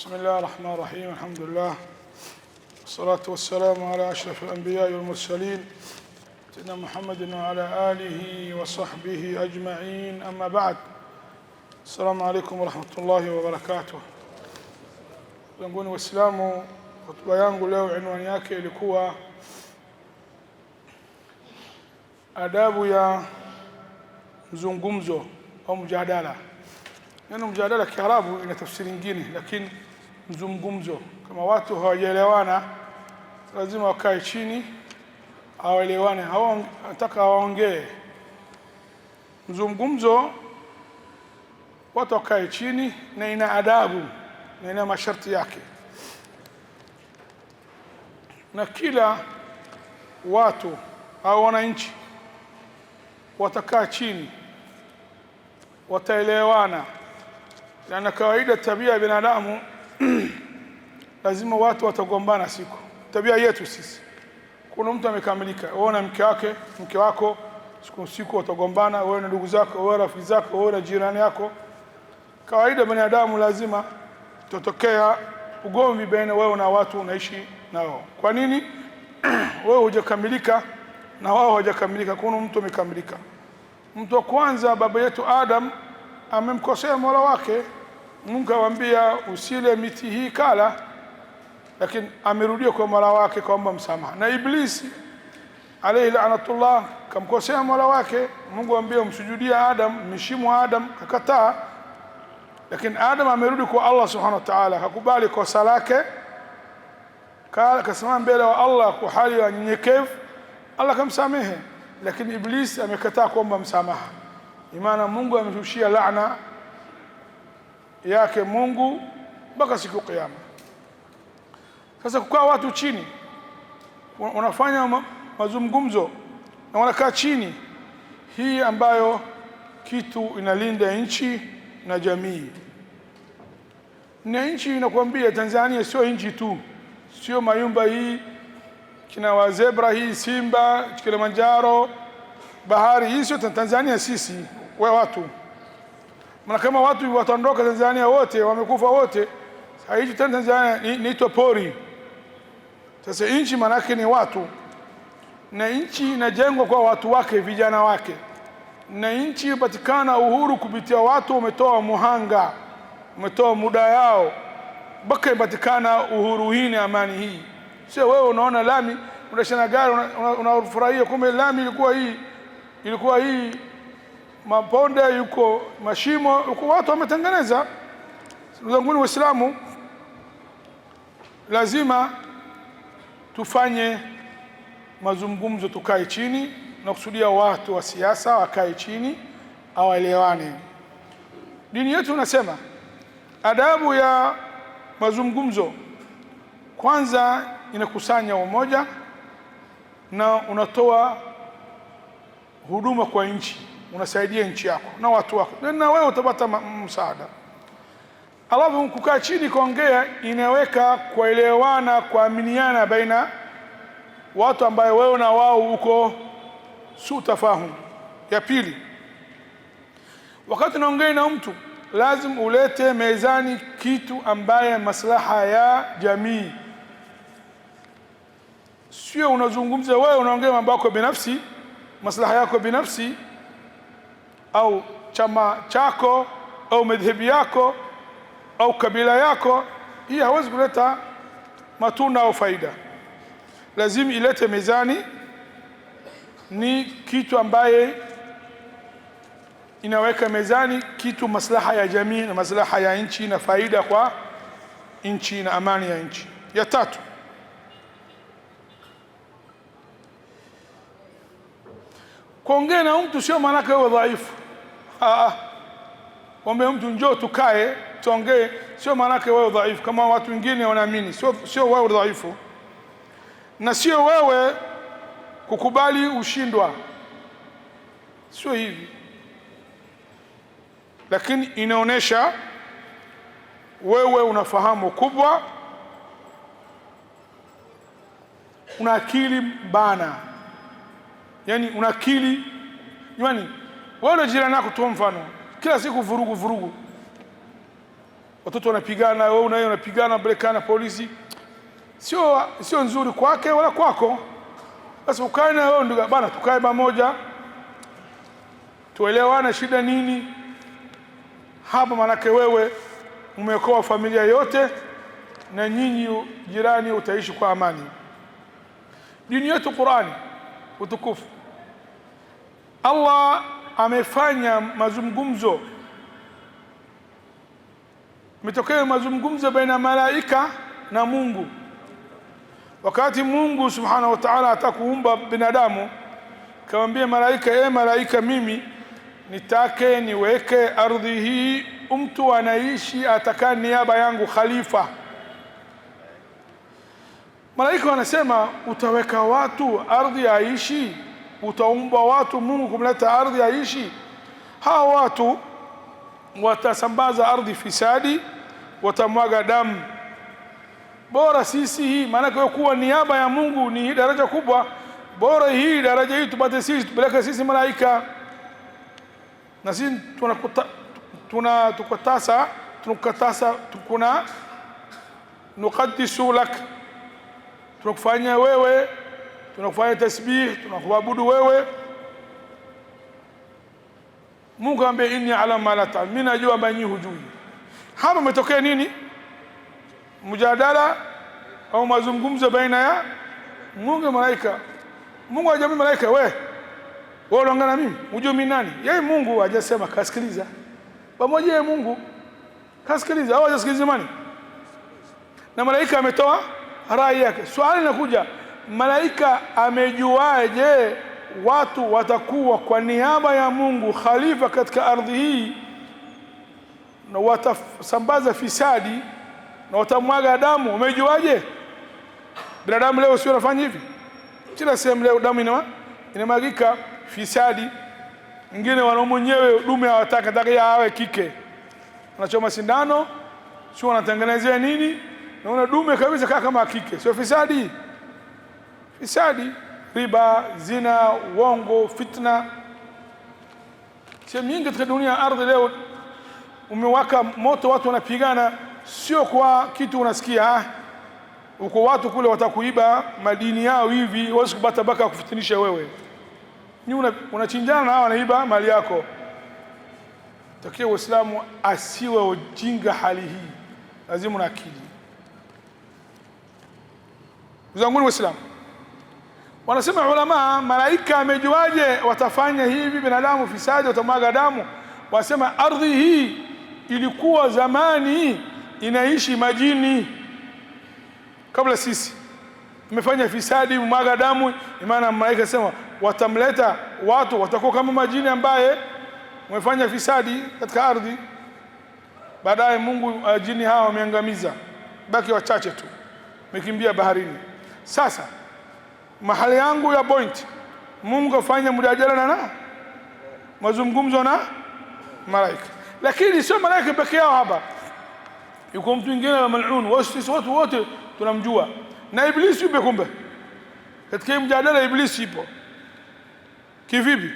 بسم الله الرحمن الرحيم الحمد لله والصلاة والسلام على أشرف الأنبياء والمرسلين سيدنا محمد وعلى آله وصحبه أجمعين أما بعد السلام عليكم ورحمة الله وبركاته ndugu waislamu hotuba له عنوان anwani لكوا آداب يا ya أو مجادلة mjadala neno mjadala kiarabu ina tafsiri nyingine mzungumzo. Kama watu hawajaelewana, lazima wakae chini, awaelewane, nataka waongee mzungumzo, watu wakae chini, na ina adabu na ina masharti yake, na kila watu au wananchi watakaa chini, wataelewana, na kawaida tabia ya binadamu lazima watu watagombana siku, tabia yetu sisi. Kuna mtu amekamilika, wewe na mke wake, mke wako, siku siku watagombana, wewe na ndugu zako, wewe na rafiki zako, wewe na jirani yako. Kawaida binadamu lazima totokea ugomvi baina wewe na watu unaishi nao. Kwa nini? wewe hujakamilika na wao hawajakamilika. Kuna mtu amekamilika. Mtu wa kwanza, baba yetu Adam, amemkosea mola wake Mungu awambia usile miti hii kala, lakini amerudia kwa mola wake kuomba msamaha. Na Iblisi alayhi laanatullah kamkosea mola wake. Mungu awambia msujudia Adam, mheshimu Adam, kakataa. Lakini Adam amerudi kwa Allah subhanahu wa ta'ala, hakubali kosa lake, kasema mbele wa Allah kwa hali ya nyenyekevu, Allah kamsamehe. Lakini Iblisi amekataa kuomba msamaha, imana Mungu amemshushia laana yake Mungu mpaka siku kiyama. Sasa kukaa watu chini wanafanya mazungumzo na wanakaa chini, hii ambayo kitu inalinda nchi na jamii na nchi inakuambia Tanzania sio nchi tu, sio Mayumba hii kina wazebra hii Simba Kilimanjaro bahari hii sio Tanzania sisi we watu maana kama watu wataondoka Tanzania wote, wamekufa wote, haiji tena Tanzania niitwa pori. Sasa nchi maanake ni watu, na nchi inajengwa kwa watu wake, vijana wake, na nchi ipatikana uhuru kupitia watu wametoa muhanga, wametoa muda yao mpaka ipatikana uhuru hii na amani hii. Sio wewe unaona lami unashana gari unafurahia, una, una kumbe lami ilikuwa hii ilikuwa hii maponde yuko mashimo, yuko watu wametengeneza. Ndugu zangu Waislamu, lazima tufanye mazungumzo, tukae chini na kusudia, watu wa siasa wakae chini, awaelewane. Dini yetu unasema adabu ya mazungumzo kwanza inakusanya umoja na unatoa huduma kwa nchi unasaidia nchi yako na watu wako, na wewe utapata msaada. Alafu kukaa chini kuongea inaweka kuelewana, kuaminiana baina watu ambayo wewe na wao uko su tafahum. Ya pili, wakati unaongea na mtu lazima ulete mezani kitu ambaye maslaha ya jamii, sio unazungumza wewe unaongea mambo yako binafsi, maslaha yako binafsi au chama chako au madhehebu yako au kabila yako, hii hawezi kuleta matunda au faida. Lazima ilete mezani, ni kitu ambaye inaweka mezani kitu maslaha ya jamii na maslaha ya nchi na faida kwa nchi na amani ya nchi. Ya tatu kuongea na mtu sio maanake wewe dhaifu wambe ah, mtu njoo tukae tuongee, sio maanake wewe dhaifu kama watu wengine wanaamini. Sio, sio wewe dhaifu, na sio wewe kukubali ushindwa, sio hivi, lakini inaonyesha wewe unafahamu kubwa, una akili bana, yani una akili yani wewe ndio jirani yako tu, mfano kila siku vurugu vurugu, watoto wanapigana, wewe unaye unapigana, belekana polisi, sio sio nzuri kwake wala kwako. Sasa ukae na wewe ndugu bana, tukae pamoja tuelewane, shida nini hapa? maanake wewe umeokoa familia yote na nyinyi jirani utaishi kwa amani. Dini yetu Qurani utukufu Allah amefanya mazungumzo, imetokea mazungumzo baina malaika na Mungu. Wakati Mungu subhanahu wa ta'ala atakuumba binadamu, kawambia malaika, e malaika, mimi nitake niweke ardhi hii mtu anaishi atakaa niaba yangu khalifa. Malaika wanasema utaweka watu ardhi aishi? utaumbwa watu, Mungu kumleta ardhi aishi. Hawa watu watasambaza ardhi fisadi, watamwaga damu. Bora sisi hii, maanake kuwa niaba ya Mungu ni daraja kubwa. Bora hii daraja hii tupate sisi, tupeleke sisi malaika, na sisi tuna tukatasa tunakatasa tukuna nukadisu lak, tunakufanya wewe tunakufanya tasbih, tunakuabudu wewe. Mungu ambe inni ala ma la ta'lamun, mimi najua ambaye nyinyi hujui. Hapa umetokea nini? Mjadala au mazungumzo baina ya Mungu malaika. Mungu hajamwambia malaika, we wewe unaongana mimi, unajua mimi nani? Yeye Mungu hajasema, kasikiliza pamoja. Yeye Mungu kasikiliza au hajasikiliza mani, na malaika ametoa rai yake. Swali linakuja malaika amejuaje watu watakuwa kwa niaba ya Mungu khalifa katika ardhi hii na watasambaza fisadi na watamwaga damu? Wamejuaje? Binadamu leo sio anafanya hivi, kila sehemu leo damu ina inamwagika, fisadi ingine, wanaume wenyewe dume hawataka taka awe kike, anachoma sindano, sio wanatengenezea nini, naona dume kabisa kaa kama kike, sio fisadi. Fisadi, riba, zina, uongo, fitna. Sehemu nyingi katika dunia ya ardhi leo umewaka moto, watu wanapigana, sio kwa kitu unasikia ah, uko watu kule watakuiba madini yao hivi, wawezi kupata baka kufitinisha wewe, ni unachinjana una na wanaiba mali yako. Takia Uislamu asiwe ujinga hali hii, lazima una akili, uzanguni Waislamu. Wanasema ulama, malaika amejuaje watafanya hivi binadamu fisadi, watamwaga damu? wasema ardhi hii ilikuwa zamani inaishi majini kabla sisi, imefanya fisadi, mwaga damu. Imana malaika sema watamleta watu watakuwa kama majini ambaye wamefanya fisadi katika ardhi. Baadaye Mungu uh, jini hawa wameangamiza, baki wachache tu, wamekimbia baharini. Sasa mahali yangu ya point, Mungu afanya mjadala na na mazungumzo na malaika, lakini sio malaika peke yao. Hapa yuko mtu mwingine wa mal'un, watu wote tunamjua, na iblisi yupo. Kumbe katika mjadala iblisi ipo kivipi?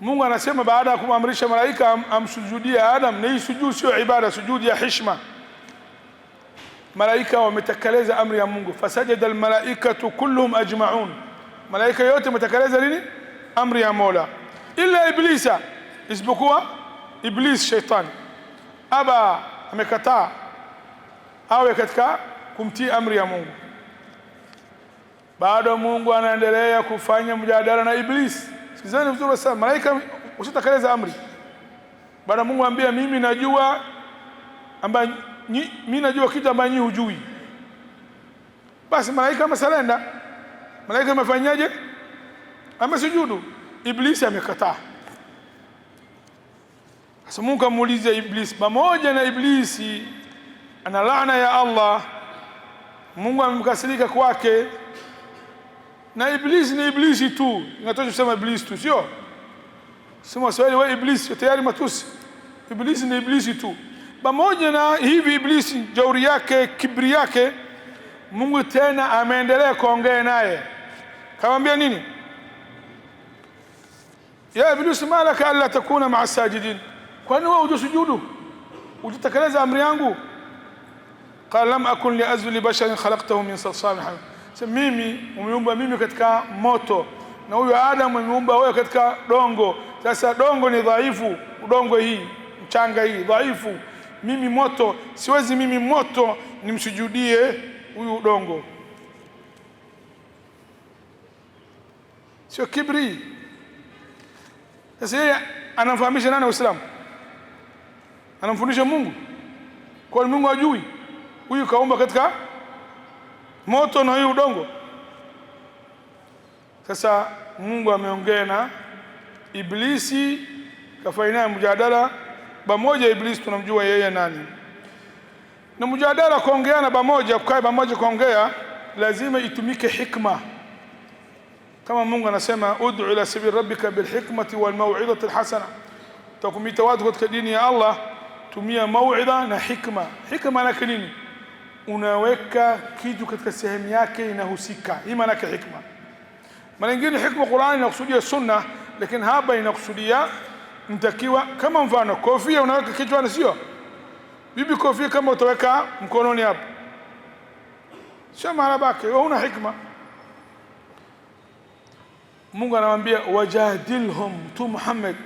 Mungu anasema baada ya kumamrisha malaika amsujudie Adam, na hii sujudu sio ibada, sujudu ya heshima malaika wametekeleza amri ya Mungu, fasajada almalaikatu kulluhum ajmaun, malaika yote wametekeleza nini? Amri ya Mola, illa iblisa, isipokuwa Iblis shaitani, aba, amekataa awe katika kumtii amri ya Mungu. Bado Mungu anaendelea kufanya mjadala na Iblis. Sikizeni vizuri sana, malaika ushitekeleza amri, bado Mungu anambia mimi najua ambaye mimi najua kitu ambacho nyinyi hujui. Basi malaika amesalenda, malaika amefanyaje? Amesujudu. Iblisi amekataa. Sasa Mungu kamuuliza Iblisi, pamoja na Iblisi ana laana ya Allah, Mungu amemkasirika kwake, na Iblisi ni Iblisi tu, inatosha kusema Iblisi tu, sio sema Swahili wewe Iblisi tayari matusi. Iblisi ni Iblisi tu. Pamoja na hivi, Iblisi jeuri yake, kibri yake, Mungu tena ameendelea kuongea naye, kamwambia nini? ya Iblisi malaka alla takuna maa sajidin, kwani wewe hujasujudu, hujatekeleza amri yangu? qala lam akun liazlu libasharin khalaqtahu min salsalin mimi umeumba mimi katika moto na huyu Adam umeumba wewe katika dongo. Sasa dongo ni dhaifu, udongo hii mchanga hii dhaifu mimi moto siwezi, mimi moto nimsujudie huyu udongo. Sio kibri. Sasa yeye anamfahamisha nani Uislamu? Anamfundisha Mungu, kwa Mungu ajui huyu kaumba katika moto na huyu udongo. Sasa Mungu ameongea na Iblisi, kafanya naye mjadala bamoja. Iblisi tunamjua yeye nani, na mjadala kuongeana pamoja, kukaa pamoja kuongea, lazima itumike hikma, kama Mungu anasema ud'u ila sabili rabbika bilhikmati walmaw'izati alhasana. Takumita watu katika dini ya Allah, tumia mauidha na hikma. Hikma maana yake nini? Unaweka kitu katika sehemu yake inahusika, hii maana yake hikma. Mara nyingine hikma Qur'ani inakusudia sunna, lakini hapa inakusudia mtakiwa kama mfano kofia unaweka kichwani, sio bibi? Kofia kama utaweka mkononi hapo, sio mahala bake, una hikma. Mungu anamwambia wajadilhum tu Muhammad,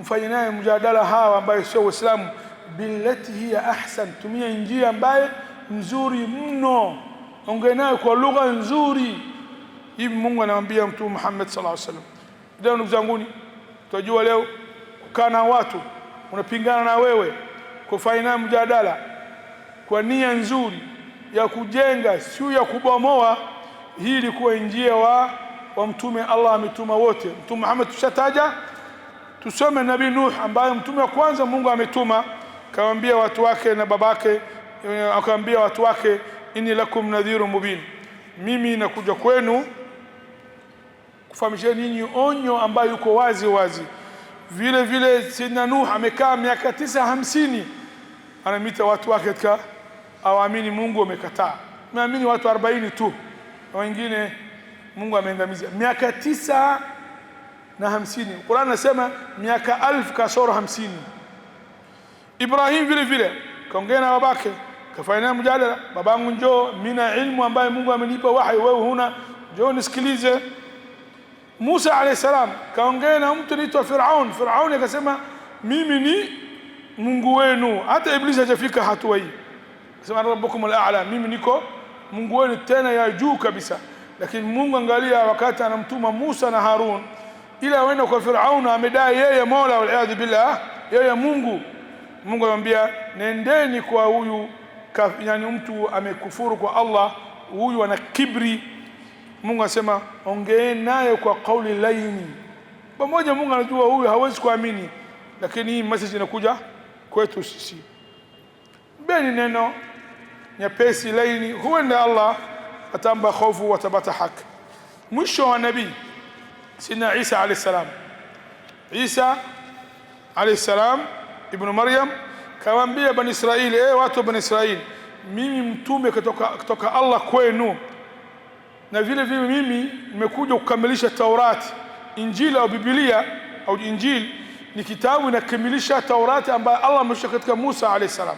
mfanye naye mjadala hawa ambayo sio Uislamu, billati hiya ahsan, tumia njia ambaye nzuri mno, ongea naye kwa lugha nzuri. Hivi Mungu anamwambia Mtume Muhammad sallallahu alaihi wasallam. Ndugu zanguni, tutajua leo kukaa na watu, unapingana na wewe, kufanya mjadala kwa nia nzuri ya kujenga, sio ya kubomoa. Hii ilikuwa njia wa, wa mtume. Allah ametuma wote, mtume Muhammad tushataja, tusome nabii Nuh ambaye mtume wa kwanza Mungu ametuma, kawaambia watu wake na babake, eh, akawaambia watu wake, inni lakum nadhiru mubin, mimi nakuja kwenu kufahamisheni nyinyi onyo ambayo yuko wazi wazi vile vile Sayyidina Nuh amekaa miaka tisa hamsini anamita watu wake katika awaamini Mungu wamekataa meamini watu arobaini tu na wengine Mungu ameangamiza miaka tisa na hamsini Qur'an nasema miaka alfu kasoro hamsini Ibrahim vile vile kaongea na babake kafanya mjadala babangu njoo mina ilmu ambaye Mungu amenipa wahi wewe huna njoo nisikilize Musa alayhi salam kaongea na mtu anaitwa Firaun. Firaun akasema mimi ni Mungu wenu, hata Iblisi hajafika hatua hii. Akasema rabbukum al-a'la, mimi niko Mungu wenu tena ya juu kabisa. Lakini Mungu angalia, wakati anamtuma Musa na Harun, ila wenda kwa Firaun amedai yeye Mola, wal billah, yeye Mungu. Mungu anamwambia nendeni kwa huyu, yani mtu amekufuru kwa Allah, huyu ana kibri Mungu anasema ongee naye kwa kauli laini. Pamoja Mungu anajua huyu hawezi kuamini, lakini hii message inakuja kwetu sisi. Beni neno nyepesi laini, huenda Allah atamba hofu watapata haki. Mwisho wa nabii sina Isa alayhi salam, Isa alayhi salam ibnu Maryam kawaambia bani Israili, e watu wa bani Israili, mimi mtume kutoka, kutoka Allah kwenu na vile vile mimi nimekuja kukamilisha Taurati, Injili au Biblia au Injili ni kitabu inakamilisha Taurati ambayo Allah ameshusha katika Musa alayhi salam,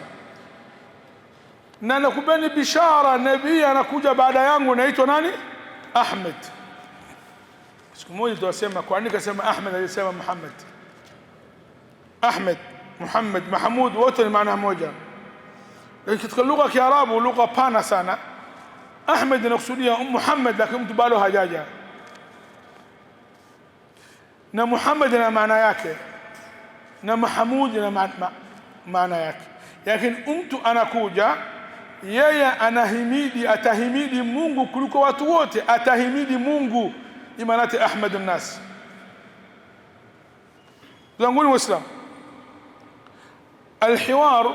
na nakupeni bishara, nabii anakuja baada yangu, naitwa nani? Ahmed. Siku moja tutasema, kwa nini kasema Ahmed? Alisema Muhammad. Ahmed, Muhammad, Mahmud wote ni maana moja, lakini katika lugha ya Kiarabu lugha pana sana Ahmed anakusudia umm Muhammad, lakini mtu bado hajaja na Muhammad na maana yake na Mahmud na maana yake, lakini mtu anakuja yeye anahimidi, atahimidi Mungu kuliko watu wote, atahimidi Mungu imanate Ahmad nnas. Zanguni Waislamu, alhiwar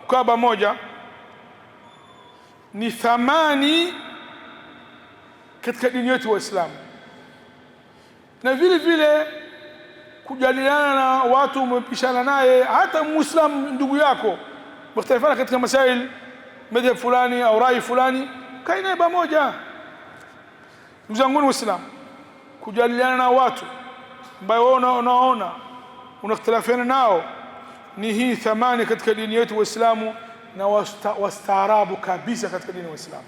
kukaa pamoja ni thamani katika dini yetu Waislamu, na vile vile kujadiliana na watu umepishana naye, hata muislamu ndugu yako mukhtalifana katika masail madhhab fulani au rai fulani, kae naye pamoja. Ndugu zanguni Waislamu, kujadiliana na watu ambayo unaona unakhtilafiana nao ni hii thamani katika dini yetu Waislamu na wastaarabu kabisa katika dini ya Uislamu,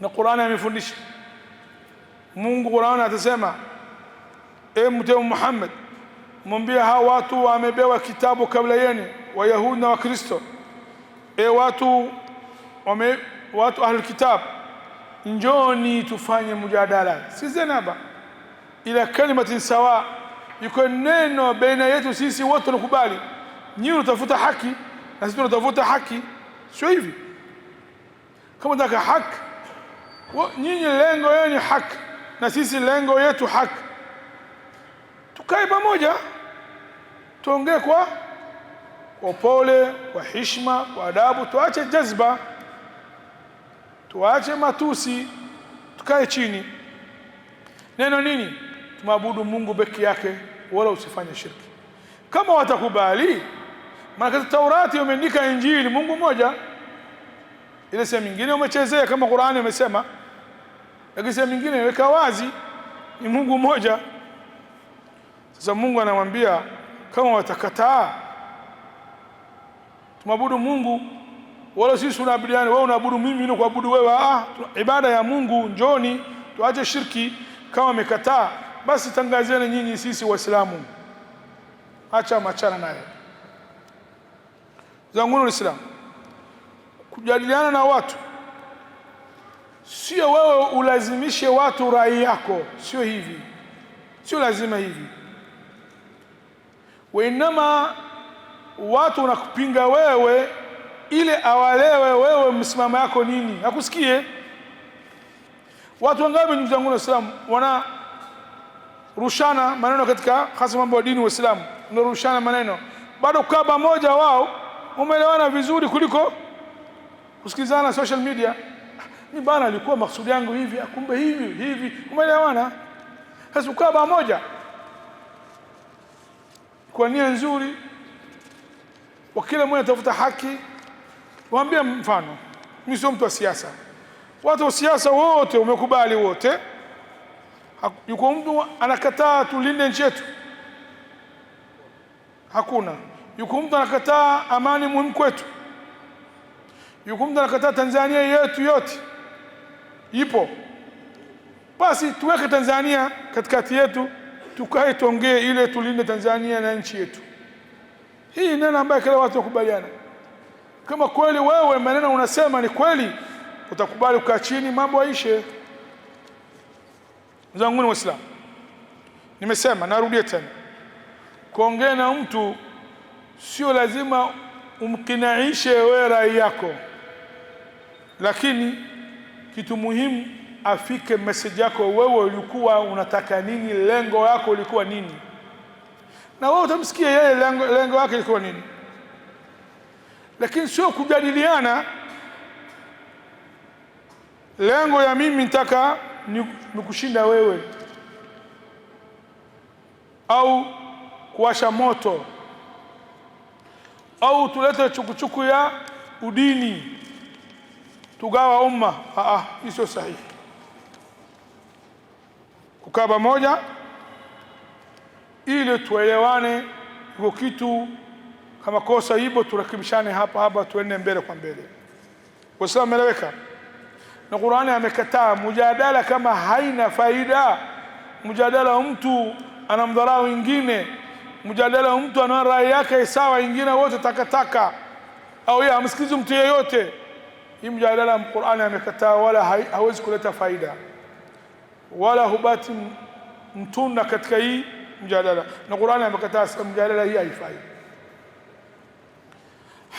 na Qur'ani amefundisha Mungu. Qur'ani atasema e, Mtume Muhammad, mwambie hawa watu wamebewa kitabu kabla yenu, Wayahudi na Wakristo. E, watu wame, watu ahlul kitab, njoni tufanye mjadala si zenaba ila kalimatin sawa, iko neno baina yetu sisi wote nakubali nyinyi unatafuta haki na sisi tunatafuta haki, sio hivi? Kama unataka haki, nyinyi lengo yenu ni haki na sisi lengo yetu haki, tukae pamoja, tuongee kwa kwa upole, kwa heshima, kwa adabu, tuache jazba, tuache matusi, tukae chini. Neno nini? Tumabudu Mungu peke yake, wala usifanye shirki. Kama watakubali maana Taurati umeandika Injili, Mungu mmoja. Ile sehemu nyingine umechezea kama Qur'ani umesema, lakini sehemu nyingine weka wazi ni Mungu mmoja. Sasa Mungu anamwambia kama watakataa tumabudu Mungu wala sisi tunaabudiana, wewe unaabudu mimi, mimi kuabudu wewe. Ah, ibada ya Mungu, njoni tuache shirki. Kama wamekataa basi, tangazieni nyinyi, sisi Waislamu, acha machana naye zanguni Waislamu, kujadiliana na watu sio wewe ulazimishe watu rai yako, sio hivi, sio lazima hivi. Wainama watu wanakupinga wewe ile awalewe wewe msimamo yako nini, akusikie. Watu wangapi ndugu zangu Waislamu wana rushana maneno katika hasa mambo ya dini Waislamu wanarushana maneno, bado kukaa pamoja wao umeelewana vizuri kuliko kusikilizana social media. Ni bana, alikuwa maksudi yangu hivi, akumbe ah, hivi hivi. Umeelewana sasa, ukaa baa moja kwa nia nzuri, wa kila mmoja atafuta haki. Waambia mfano, mimi sio mtu wa siasa, watu wa siasa wote umekubali wote, yuko mtu anakataa tulinde nchi yetu? Hakuna yuko mtu anakataa amani muhimu kwetu, yuko mtu anakataa Tanzania yetu yote ipo, basi tuweke Tanzania katikati yetu, tukae tuongee, ile tulinde Tanzania na nchi yetu. Hii neno ambayo kila watu wakubaliana, kama kweli wewe maneno unasema ni kweli, utakubali kukaa chini, mambo aishe. zanguni Waislamu, nimesema narudia tena, kuongea na mtu sio lazima umkinaishe wewe rai yako, lakini kitu muhimu afike message yako wewe, ulikuwa unataka nini? Lengo yako ulikuwa nini? Na wewe utamsikia yeye lengo, lengo yake ilikuwa nini, lakini sio kujadiliana. Lengo ya mimi nitaka ni kushinda wewe au kuwasha moto au tulete chukuchuku ya udini tugawa umma. Ah, ah, hii sio sahihi. Kukaa pamoja ili tuelewane, iko kitu kama kosa hivyo turekebishane hapa hapa, tuende mbele kwa mbele. Waislamu ameleweka na Qur'ani amekataa mujadala kama haina faida, mjadala wa mtu anamdharau wengine mjadala wa mtu anaona rai yake sawa, ingine wote takataka, au yeye hamsikizi mtu yeyote. Hii mjadala Qur'ani amekataa, wala hawezi kuleta faida wala hubati mtunda katika hii mjadala, na Qur'ani amekataa mjadala hii haifai.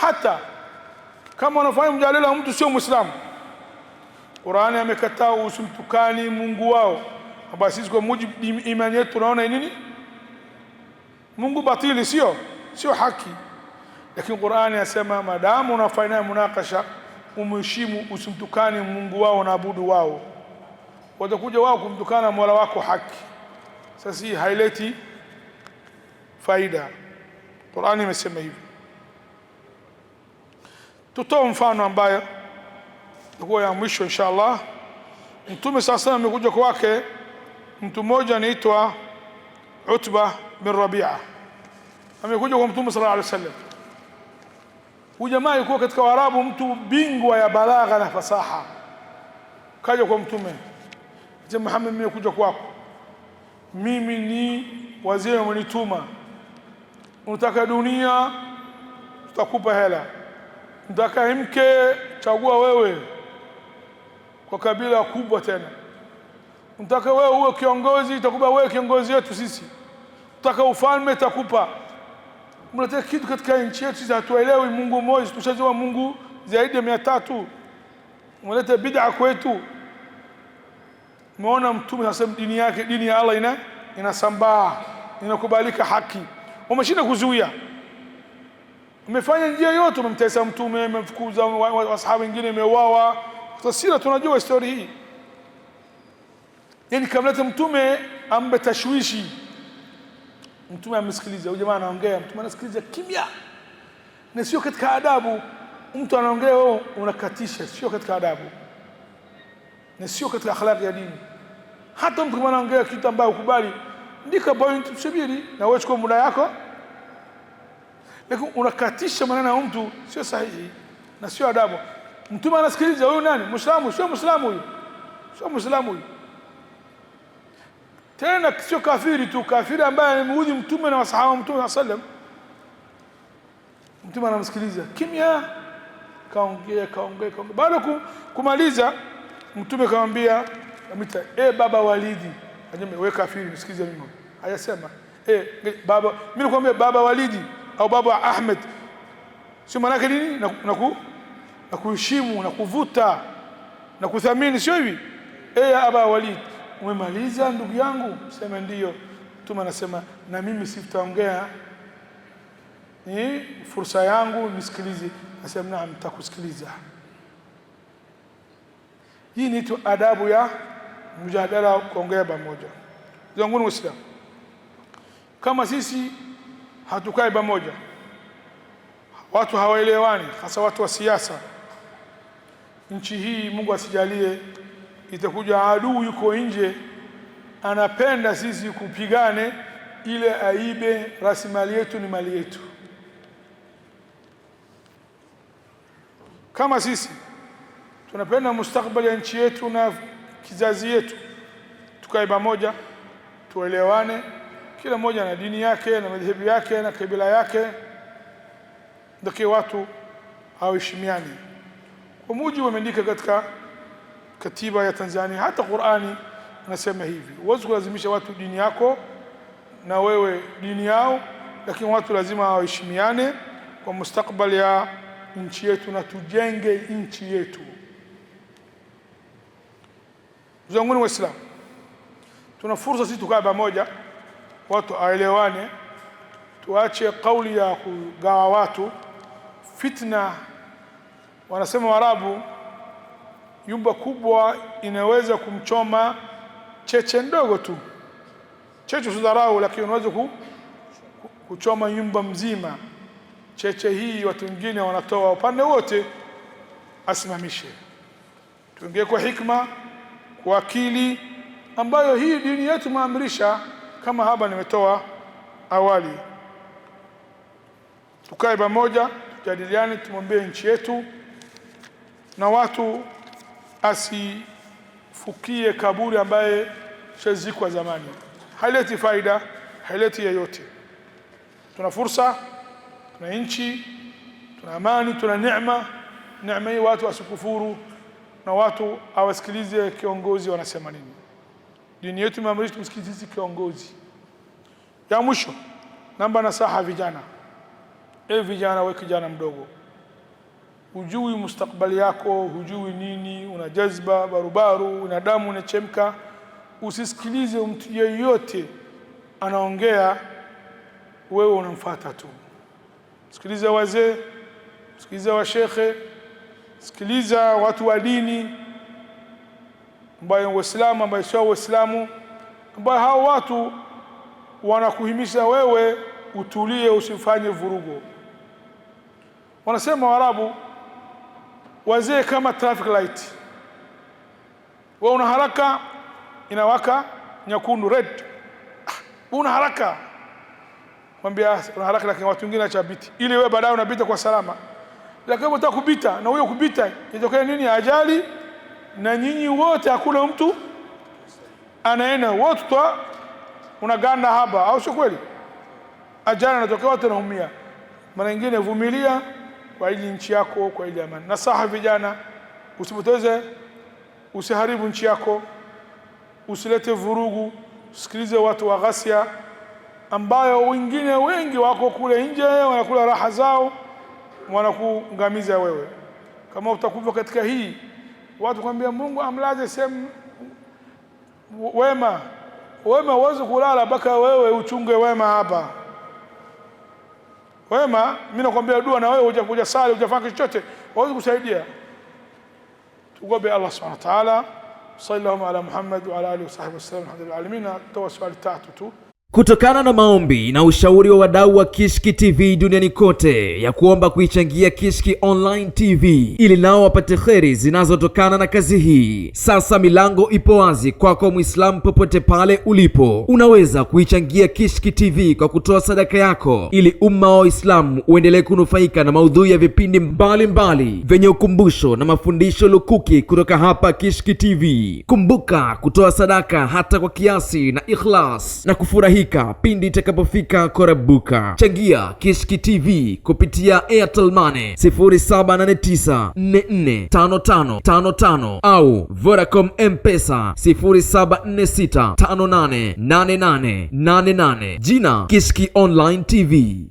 Hata kama unafanya mjadala wa mtu sio Muislamu, Qur'ani amekataa usimtukani Mungu wao, ambayo sisi kwa mujibu imani yetu tunaona nini Mungu batili sio sio haki, lakini Qur'ani yasema madamu unafanya munakasha, umheshimu, usimtukane Mungu wao na abudu wao, watakuja wao kumtukana Mola wako haki. Sasa hii haileti faida. Qur'ani imesema hivyo. Tutoa mfano ambayo itakuwa ya mwisho insha Allah. Mtume sasa amekuja kwake mtu mmoja anaitwa Utba Rabi'a amekuja kwa Mtume sallallahu alaihi wasallam. Huyu jamaa yuko katika Waarabu, mtu bingwa ya balagha na fasaha, kaja kwa Mtume je, Muhammad, mimi nimekuja kwako, mimi ni wazee wamenituma. Unataka dunia, tutakupa hela. Unataka mke, chagua wewe, kwa kabila kubwa tena. Unataka wewe uwe kiongozi, takuba wewe kiongozi wetu sisi taka ufalme takupa, mnataka kitu katika nchi yetu, sisi hatuelewi. Mungu mmoja, tushazoea Mungu zaidi ya mia tatu, mnaleta bid'a kwetu. Umeona Mtume sasa dini yake, dini ya Allah ina inasambaa inakubalika, haki umeshinda kuzuia, umefanya njia yote, umemtesa Mtume, umemfukuza wasahaba wengine, umeuawa. Tasira tunajua historia hii, yani kamleta Mtume ambe tashwishi mtume amesikiliza, huyu jamaa anaongea, mtume anasikiliza kimya, na sio katika adabu. Mtu anaongea wewe oh, unakatisha, sio katika adabu na sio katika akhlaqi ya dini. Hata mtu anaongea kitu ambaye ukubali, ndika point, subiri na wewe chukua muda yako, lakini unakatisha maneno ya mtu, sio sahihi na sio adabu. Mtume anasikiliza, huyu nani? Muislamu? Sio Muislamu huyu, sio Muislamu huyu tena sio kafiri tu, kafiri ambaye amemuudhi mtume na wasahaba wa mtume sallallahu sallam Mtume anamsikiliza kimya, kaongea kaongea kaongea, baada kumaliza mtume kamwambia, amita e, baba Walidi, anyeme wewe kafiri, msikilize mimi. Hayasema e, baba mimi nakwambia baba Walidi au baba Ahmed, sio yake nini naku na kuheshimu na kuvuta na kuthamini, sio hivi e, eh, aba Walidi umemaliza ndugu yangu? Sema ndiyo. Mtume anasema na mimi sitaongea, ni fursa yangu nisikilize. Nasema naam, nitakusikiliza. Hii ni tu adabu ya mjadala, kuongea pamoja. Zanguni Waislamu, kama sisi hatukai pamoja, watu hawaelewani, hasa watu wa siasa nchi hii, Mungu asijalie itakuja adui yuko nje, anapenda sisi kupigane ile aibe rasilimali yetu, ni mali yetu. Kama sisi tunapenda mustakbali ya nchi yetu na kizazi yetu, tukae pamoja, tuelewane, kila mmoja na dini yake na madhehebu yake na kabila yake, ndio watu hawaheshimiani. Kwa mujibu wameandika katika katiba ya Tanzania, hata Qur'ani nasema hivi, huwezi kulazimisha watu dini yako na wewe dini yao, lakini watu lazima waheshimiane kwa mustakbali ya nchi yetu na tujenge nchi yetu. Zanguni Waislamu, tuna fursa sisi tukaa pamoja, watu aelewane, tuache kauli ya kugawa watu, fitna. Wanasema Waarabu Nyumba kubwa inaweza kumchoma cheche ndogo tu, cheche tudharau, lakini unaweza kuchoma nyumba mzima. Cheche hii watu wengine wanatoa upande wote, asimamishe. Tuingie kwa hikma, kwa akili ambayo hii dini yetu maamrisha, kama haba nimetoa awali. Tukae pamoja, tujadiliane, tumwambie nchi yetu na watu asifukie kaburi ambaye shazikwa zamani. Haileti faida, haileti yeyote. Tuna fursa, tuna nchi, tuna amani, tuna neema. Neema hii watu wasikufuru na watu awasikilize kiongozi wanasema nini. Dini yetu imeamrisha tumsikilize kiongozi. Ya mwisho, namba nasaha vijana. E vijana, we kijana mdogo hujui mustakbali yako, hujui nini, una jazba barubaru, una damu unachemka. Usisikilize mtu yeyote anaongea, wewe unamfuata tu. Sikiliza wazee, sikiliza washekhe, sikiliza watu wa dini ambayo Waislamu, ambayo sio Waislamu, ambayo hao watu wanakuhimisha wewe utulie, usifanye vurugo. Wanasema Waarabu wazee kama traffic light, wewe una haraka inawaka nyekundu red, ah, una haraka kwambia ah, una haraka, lakini watu wengine biti, ili wewe baadaye unapita kwa salama. Lakini unataka kupita na huyo kupita, itokea nini? Ajali na nyinyi wote, hakuna mtu anaenda, wote unaganda haba, au sio kweli? Ajali inatokea, watu wanaumia. Mara nyingine vumilia kwa ajili nchi yako, kwa ajili ya amani. Nasaha vijana, usipoteze, usiharibu nchi yako, usilete vurugu, usikilize watu wa ghasia, ambayo wengine wengi wako kule nje wanakula raha zao, wanakungamiza wewe. Kama utakufa katika hii, watu kwambia Mungu amlaze sehemu wema, wema uweze kulala mpaka wewe uchunge wema hapa wema. Mimi nakwambia dua na wewe hujakuja sali, hujafanya chochote, hawezi kusaidia. Tugobe Allah subhanahu wa ta'ala. Sallallahu ala Muhammad wa ala alihi wa sahbihi wasallam, alhamdulillahi alamin. Toa swali tatu tu. Kutokana na maombi na ushauri wa wadau wa Kishki TV duniani kote ya kuomba kuichangia Kishki Online TV ili nao wapate kheri zinazotokana na kazi hii, sasa milango ipo wazi kwako Mwislamu, popote pale ulipo, unaweza kuichangia Kishki TV kwa kutoa sadaka yako ili umma wa Waislamu uendelee kunufaika na maudhui ya vipindi mbalimbali vyenye ukumbusho na mafundisho lukuki kutoka hapa Kishki TV. Kumbuka kutoa sadaka hata kwa kiasi na ikhlas na kufurahi kukubalika pindi itakapofika korabuka. Changia Kishki TV kupitia Airtel Money 0789445555 au Vodacom Mpesa 0746588888. Jina Kishki Online TV.